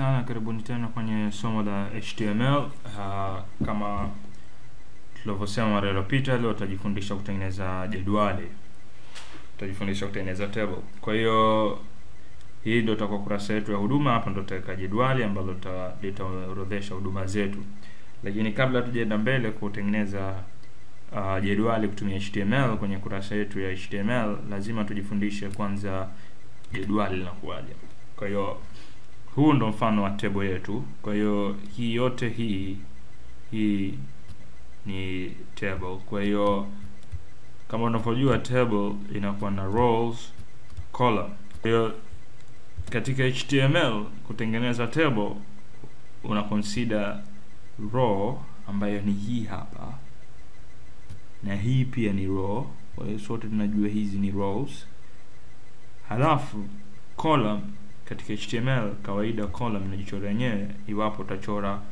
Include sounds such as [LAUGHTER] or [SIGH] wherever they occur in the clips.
sana karibuni tena kwenye somo la html uh, kama tulivyosema mara iliyopita leo tutajifundisha kutengeneza jedwali tutajifundisha kutengeneza table kwa hiyo hii ndio itakuwa kurasa yetu ya huduma hapa ndio tutaweka jedwali ambalo litaorodhesha huduma zetu lakini kabla tujaenda mbele kutengeneza uh, jedwali kutumia html kwenye kurasa yetu ya html lazima tujifundishe kwanza jedwali linakuwaje kwa hiyo huu ndo mfano wa table yetu. Kwa hiyo hii yote hii hii ni table. Kwa hiyo kama unavyojua table inakuwa na rows, column. Kwa hiyo katika HTML kutengeneza table una consider row ambayo ni hii hapa na hii pia ni row. Kwa hiyo sote tunajua hizi ni rows, halafu column katika HTML kawaida column inajichora yenyewe iwapo utachora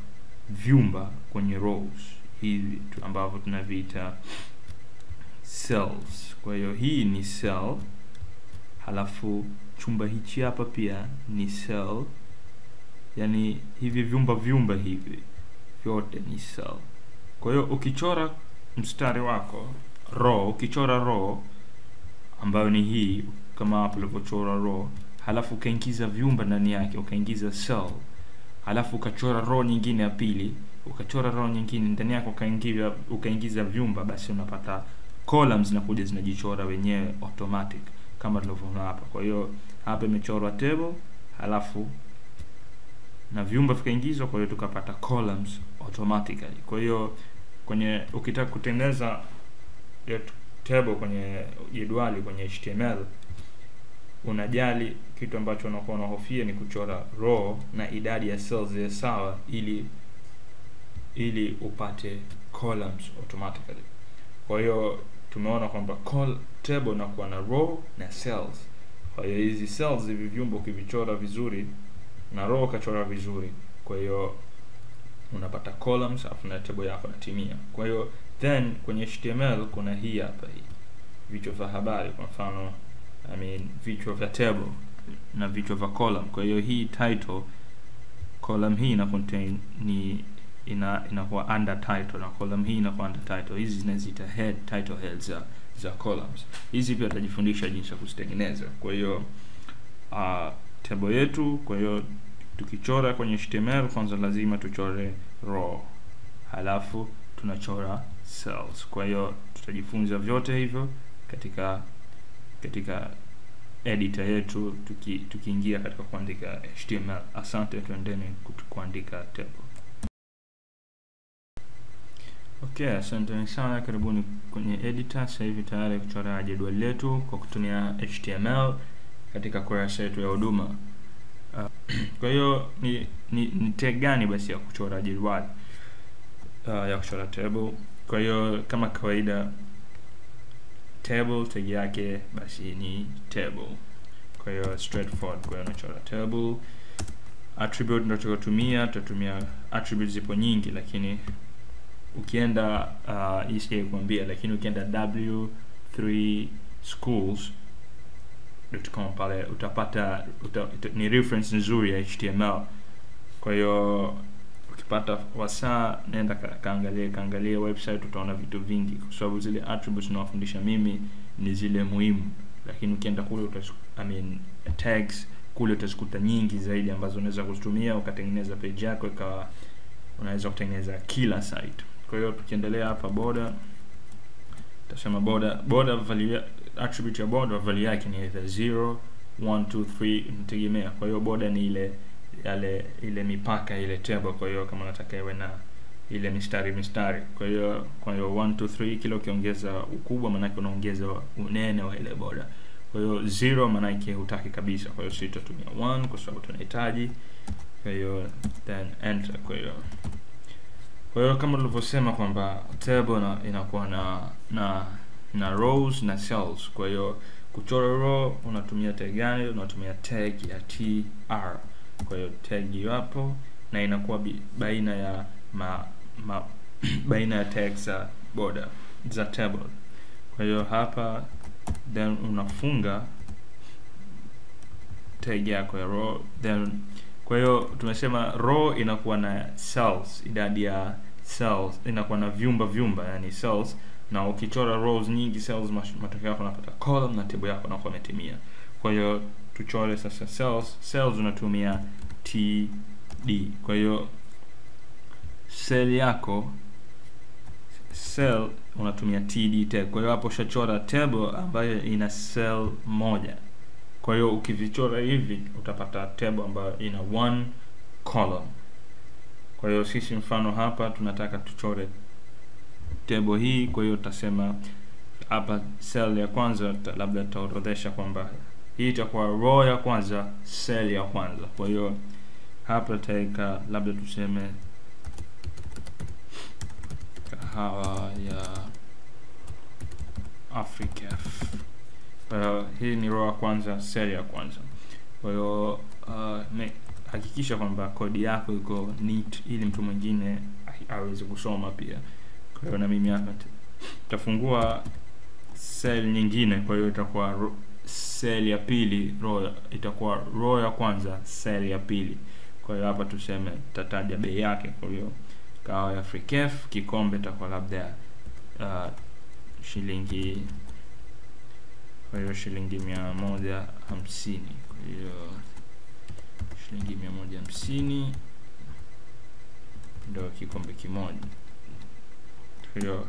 vyumba kwenye rows hivi ambavyo tunaviita cells. Kwa hiyo hii ni cell, halafu chumba hichi hapa pia ni cell, yani hivi vyumba vyumba hivi vyote ni cell. Kwa hiyo ukichora mstari wako row, ukichora row ambayo ni hii kama hapo ulivyochora row halafu ukaingiza vyumba ndani yake ukaingiza cell halafu ukachora roho nyingine ya pili ukachora roho nyingine ndani yake ukaingiza ukaingiza vyumba basi unapata columns zinakuja zinajichora wenyewe automatic kama tulivyoona hapa kwa hiyo hapa imechorwa table halafu na vyumba vikaingizwa kwa hiyo tukapata columns automatically kwa hiyo kwenye ukitaka kutengeneza table kwenye jedwali kwenye html unajali kitu ambacho unakuwa unahofia ni kuchora row na idadi ya cells ya sawa, ili ili upate columns automatically. Kwa hiyo tumeona kwamba table inakuwa na row na cells. Kwa hiyo hizi cells, hivi vyumba ukivichora vizuri na row ukachora vizuri, kwa hiyo unapata columns afu na table yako inatimia. Kwa hiyo then kwenye HTML kuna hii hapa, hii vichwa vya habari, kwa mfano I mean vichwa vya table na vichwa vya column. Kwa hiyo hii title column hii ina contain ni ina inakuwa under title na column hii inakuwa under title. Hizi zinaziita head title heads za za columns. Hizi pia tutajifundisha jinsi ya kuzitengeneza. Kwa hiyo uh, table yetu, kwa hiyo tukichora kwenye HTML kwanza lazima tuchore row. Halafu tunachora cells. Kwa hiyo tutajifunza vyote hivyo katika katika editor yetu tuki, tukiingia katika kuandika HTML. Asante, tuendeni kuandika table. Okay, asanteni sana, karibuni kwenye editor. Sasa hivi tayari kuchora jedwali letu kwa kutumia HTML katika kurasa yetu ya huduma. Uh, [CLEARS THROAT] kwa hiyo ni, ni, ni tag gani basi ya kuchora jedwali uh, ya kuchora table? Kwa hiyo kama kawaida table tag yake basi ni table. Kwa hiyo straightforward. Kwa hiyo unachora table. Attribute ndio tutakotumia, tutatumia attribute zipo nyingi, lakini ukienda uh, isije kuambia, lakini ukienda w3 schools com pale utapata uta, ni reference nzuri ya HTML. Kwa hiyo ukipata wasaa, naenda kaangalie kaangalie website, utaona vitu vingi, kwa sababu zile attributes nawafundisha mimi ni zile muhimu, lakini ukienda kule utas, I mean, tags kule utazikuta nyingi zaidi ambazo unaweza kuzitumia ukatengeneza page yako ikawa unaweza kutengeneza kila site. Kwa hiyo tukiendelea hapa, boda tutasema boda boda value attribute ya boda value yake ni either 0 1 2 3, inategemea. Kwa hiyo boda ni ile yale ile mipaka ile table. Kwa hiyo kama unataka iwe na ile mistari mistari, kwa hiyo kwa hiyo 1 2 3, kila ukiongeza ukubwa maanake unaongeza unene wa ile boda. Kwa hiyo 0 maanake hutaki kabisa, kwa hiyo sitatumia 1 kwa sababu tunahitaji. Kwa hiyo then enter. Kwa hiyo kwa hiyo kama tulivyosema kwamba table na, inakuwa na na na rows na cells. Kwa hiyo kuchora row unatumia tag gani? Unatumia tag ya tr kwa hiyo tag iwapo na inakuwa baina ya ma, ma, [CLEARS THROAT] baina ya tags za border za table. Kwa hiyo hapa then unafunga tag yako ya row then kwa hiyo tumesema row inakuwa na cells, idadi ya cells inakuwa na vyumba vyumba, yani cells, na ukichora rows nyingi cells, matokeo yako unapata column na table yako inakuwa imetimia. Kwa hiyo tuchore sasa cells. Cells unatumia td. Kwa hiyo cell yako cell unatumia td tag. Kwa hiyo hapo ushachora table ambayo ina cell moja. Kwa hiyo ukivichora hivi utapata table ambayo ina one column. Kwa hiyo sisi mfano hapa tunataka tuchore table hii, kwa hiyo tutasema hapa cell ya kwanza labda tutaorodhesha kwamba hii itakuwa row ya kwanza, cell ya kwanza. Kwa hiyo hapa tutaweka labda tuseme kahawa ya Afrika. Kwa hiyo hii ni row ya kwanza, cell ya kwanza. Kwa hiyo uh, hakikisha kwamba kodi yako iko neat ili mtu mwingine aweze kusoma pia. Kwa hiyo na mimi hapa tafungua cell nyingine, kwa hiyo itakuwa sel ya pili row itakuwa ro ya kwanza sel ya pili kwa hiyo hapa tuseme tataja bei yake kwa hiyo kawa ya Freecaf kikombe itakuwa labda uh, shilingi kwa hiyo shilingi mia moja hamsini kwa hiyo shilingi mia moja hamsini ndio kikombe kimoja kwa hiyo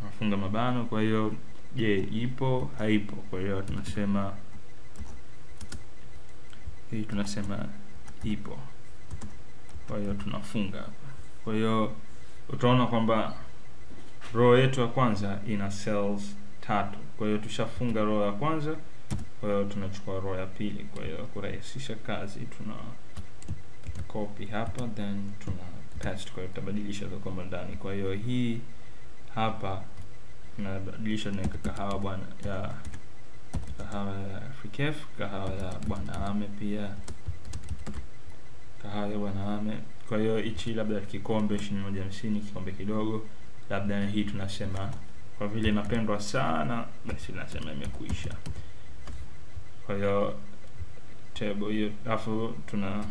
tunafunga mabano kwa hiyo je ipo haipo. Kwa hiyo tunasema hii tunasema ipo, kwa hiyo tunafunga hapa. Kwa hiyo utaona kwamba row yetu ya kwanza ina cells tatu, kwa hiyo tushafunga row ya kwanza. Kwa hiyo tunachukua row ya pili. Kwa hiyo kurahisisha kazi, tuna copy hapa then tuna paste. Kwa hiyo tutabadilisha kwamba ndani. Kwa hiyo hii hapa tunabadilisha naweka kahawa bwana ya kahawa ya frikef kahawa ya Bwana Ame pia kahawa ya Bwana Ame. Kwa hiyo hichi labda kikombe shilingi moja hamsini, kikombe kidogo labda, hii tunasema kwa vile inapendwa sana, basi tunasema imekuisha. Kwa hiyo table hiyo, alafu tuna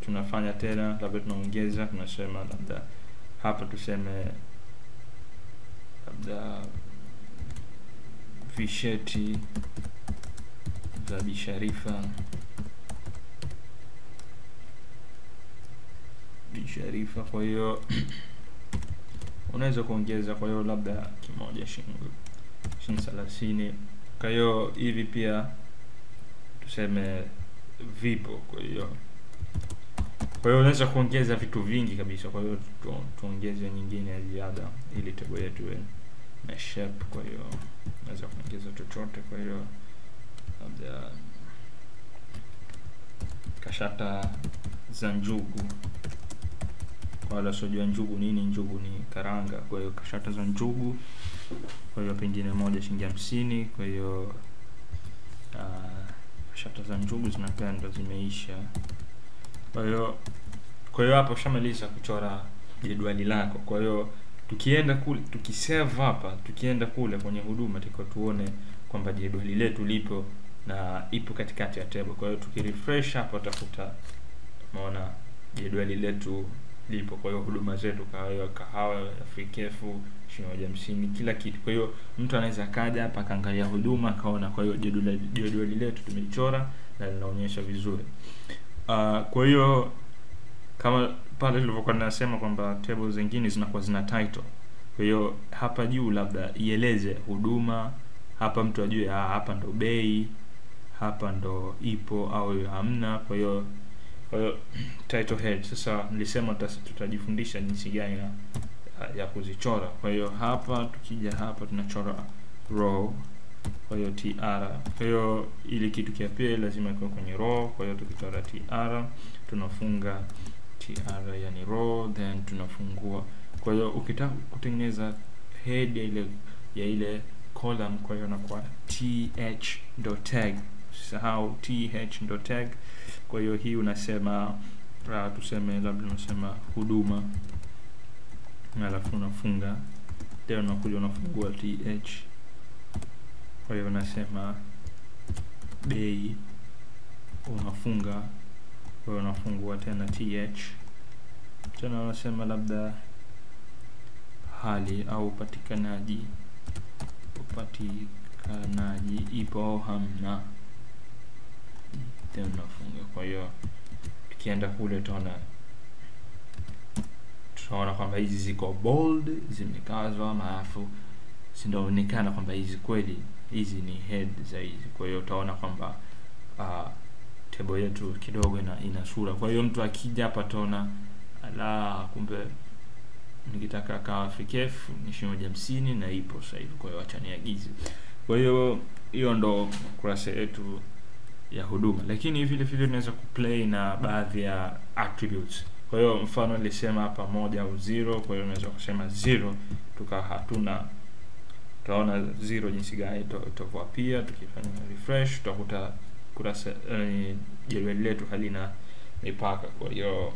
tunafanya tena, labda tunaongeza, tunasema labda hapa tuseme labda visheti za bisharifa bisharifa. Kwa hiyo [CLEARS THROAT] unaweza kuongeza, kwa hiyo labda kimoja shilingi shilingi thelathini. Kwa hiyo hivi pia tuseme vipo, kwa hiyo kwa hiyo unaweza kuongeza vitu vingi kabisa. Kwa hiyo tuongeze nyingine ya ziada ili tebo yetu iwe na shape, kwa hiyo naweza kuongeza chochote. Kwa hiyo labda kashata za njugu, kwa wale wasiojua njugu nini, njugu ni karanga. Kwa hiyo kashata za njugu, kwa hiyo pengine moja shilingi hamsini. Kwa hiyo kashata za njugu zinapendwa, zimeisha. Kwa hiyo kwa hiyo hapo ushamaliza kuchora jedwali lako, kwa hiyo tukienda kule tukisave hapa tukienda kule kwenye huduma tuko tuone kwamba je letu lipo na ipo katikati ya table kwa hiyo tukirefresh hapa utakuta umeona jedwali letu lipo kwa hiyo huduma zetu kahawa kahawa afrikefu shilingi moja kila kitu kwa hiyo mtu anaweza kaja hapa akaangalia huduma akaona kwa hiyo jedwali letu tumeichora na linaonyesha vizuri uh, kwa hiyo kama pale ilivyokuwa nasema kwamba table zingine zinakuwa zina title. Kwa hiyo hapa juu labda ieleze huduma, hapa mtu ajue ah, hapa ndo bei, hapa ndo ipo au hamna. Kwa hiyo kwa hiyo [CLEARS THROAT] title head sasa nilisema tutajifundisha jinsi gani ya, ya kuzichora. Kwa hiyo hapa tukija hapa tunachora row kwa hiyo tr. Kwa hiyo ili kitu kia pia lazima iko kwenye row. Kwa hiyo tukichora tr tunafunga tr yani row, then tunafungua. Kwa hiyo ukitaka kutengeneza head ya ile ya ile column, kwa hiyo inakuwa th.tag, usisahau th.tag. Kwa hiyo hii unasema uh, tuseme labda unasema huduma, alafu unafunga then unakuja unafungua th, kwa hiyo unasema bei unafunga kwa hiyo unafungua tena th tena unasema labda hali au upatikanaji upatikanaji ipo au hamna tena unafunga kwa hiyo tukienda kule tutaona tunaona kwamba hizi ziko bold zimekazwa maafu zinaonekana kwamba hizi kweli hizi ni head za hizi kwa hiyo utaona kwamba uh, table yetu kidogo ina, ina sura. Kwa hiyo mtu akija hapa ataona la, kumbe nikitaka kawa frikef ni shilingi hamsini na ipo sasa hivi. Kwa hiyo acha niagize. Kwa hiyo hiyo ndo kurasa yetu ya huduma, lakini vile vile tunaweza kuplay na baadhi ya attributes. Kwa hiyo mfano nilisema hapa moja au zero, kwa hiyo unaweza kusema zero tukawa hatuna tutaona zero jinsi gani itakuwa. Pia tukifanya refresh tutakuta kurasa uh, letu halina mipaka, kwa hiyo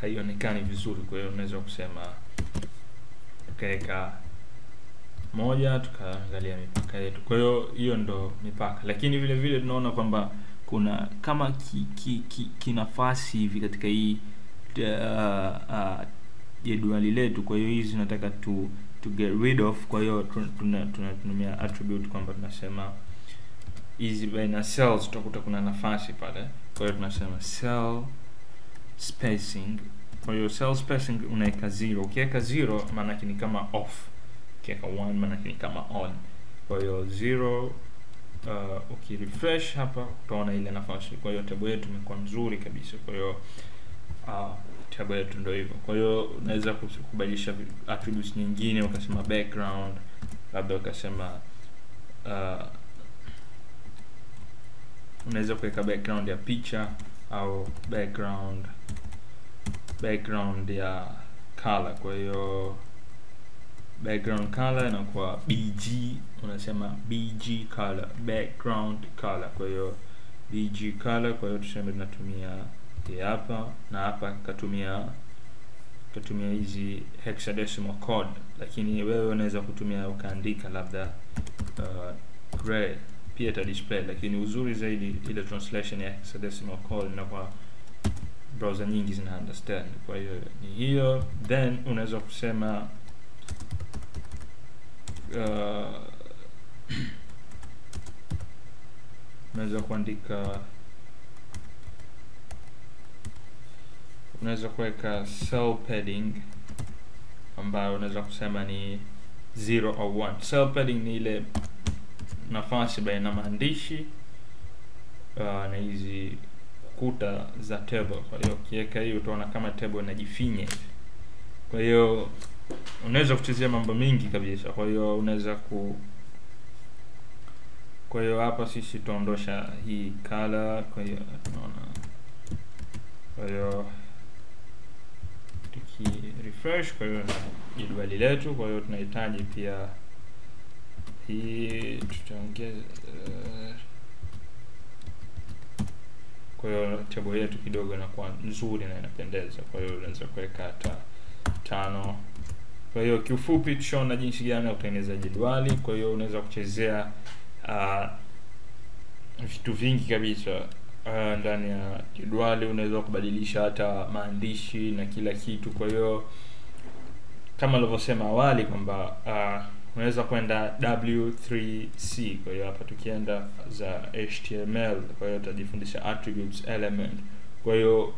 haionekani vizuri. Kwa hiyo unaweza kusema tukaweka moja, tukaangalia mipaka yetu. Kwa hiyo hiyo ndo mipaka, lakini vile vile tunaona kwamba kuna kama ki, ki, ki, kinafasi hivi katika hii eh, eh, jedwali uh, uh, letu. Kwa hiyo hizi zinataka tu to get rid of, kwa hiyo tunatumia attribute kwamba tunasema hizi baina cells tutakuta kuna nafasi pale, kwa hiyo tunasema cell spacing. Kwa hiyo cell spacing unaweka 0 Ukiweka 0 maana yake ni kama off, ukiweka 1 maana yake ni kama on. Kwa hiyo zero Uh, ukirefresh hapa utaona ile nafasi. Kwa hiyo tabu yetu imekuwa nzuri kabisa. Kwa hiyo uh, tabu yetu ndio hivyo. Kwa hiyo unaweza kubadilisha attributes nyingine, ukasema background, labda ukasema uh, unaweza kuweka background ya picha au background background ya color. Kwa hiyo background color inakuwa bg, unasema bg color, background color. Kwa hiyo bg color, kwa hiyo tuseme tunatumia hapa na hapa katumia katumia hizi hexadecimal code, lakini wewe unaweza kutumia ukaandika labda uh, gray pia display lakini uzuri zaidi ile translation ya hexadecimal call na kwa browser nyingi zina understand. Kwa hiyo ni hiyo, then unaweza kusema uh, [CLEARS THROAT] unaweza kuandika unaweza kuweka cell padding ambayo unaweza kusema ni 0 au 1. Cell padding ni ile nafasi baina maandishi uh, na hizi kuta za table. Kwa hiyo ukiweka hii utaona kama table inajifinya hivi. Kwa hiyo unaweza kuchezea mambo mingi kabisa. Kwa hiyo unaweza ku kwa hiyo hapa sisi tutaondosha hii color. Kwa hiyo tunaona, kwa hiyo tuki refresh, kwa hiyo na jedwali letu. Kwa hiyo tunahitaji pia hii tutaongeza euh, kwa hiyo table yetu kidogo inakuwa nzuri na inapendeza. Kwa hiyo unaweza kuweka hata tano. Kwa hiyo kiufupi, tushaona jinsi gani ya kutengeneza jedwali. Kwa hiyo unaweza kuchezea uh, vitu vingi kabisa uh, ndani ya jedwali. Unaweza kubadilisha hata maandishi na kila kitu. Kwa hiyo kama nilivyosema awali kwamba uh, unaweza kwenda w3c kwa hiyo hapa tukienda za html kwa hiyo utajifundisha attributes element kwa hiyo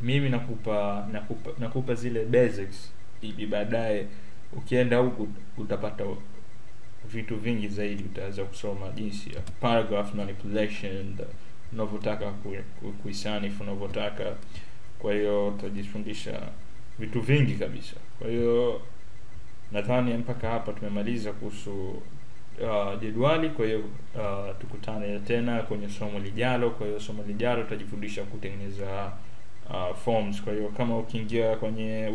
mimi nakupa nakupa nakupa zile basics ili baadaye ukienda huku utapata vitu vingi zaidi utaweza kusoma jinsi ya paragraph manipulation unavyotaka ku, unavyotaka kwa hiyo utajifundisha vitu vingi kabisa kwa hiyo nadhani mpaka hapa tumemaliza kuhusu uh, jedwali. Kwa hiyo uh, tukutane tena kwenye somo lijalo. Kwa hiyo somo lijalo tutajifundisha kutengeneza uh, forms. Kwa hiyo kama ukiingia kwenye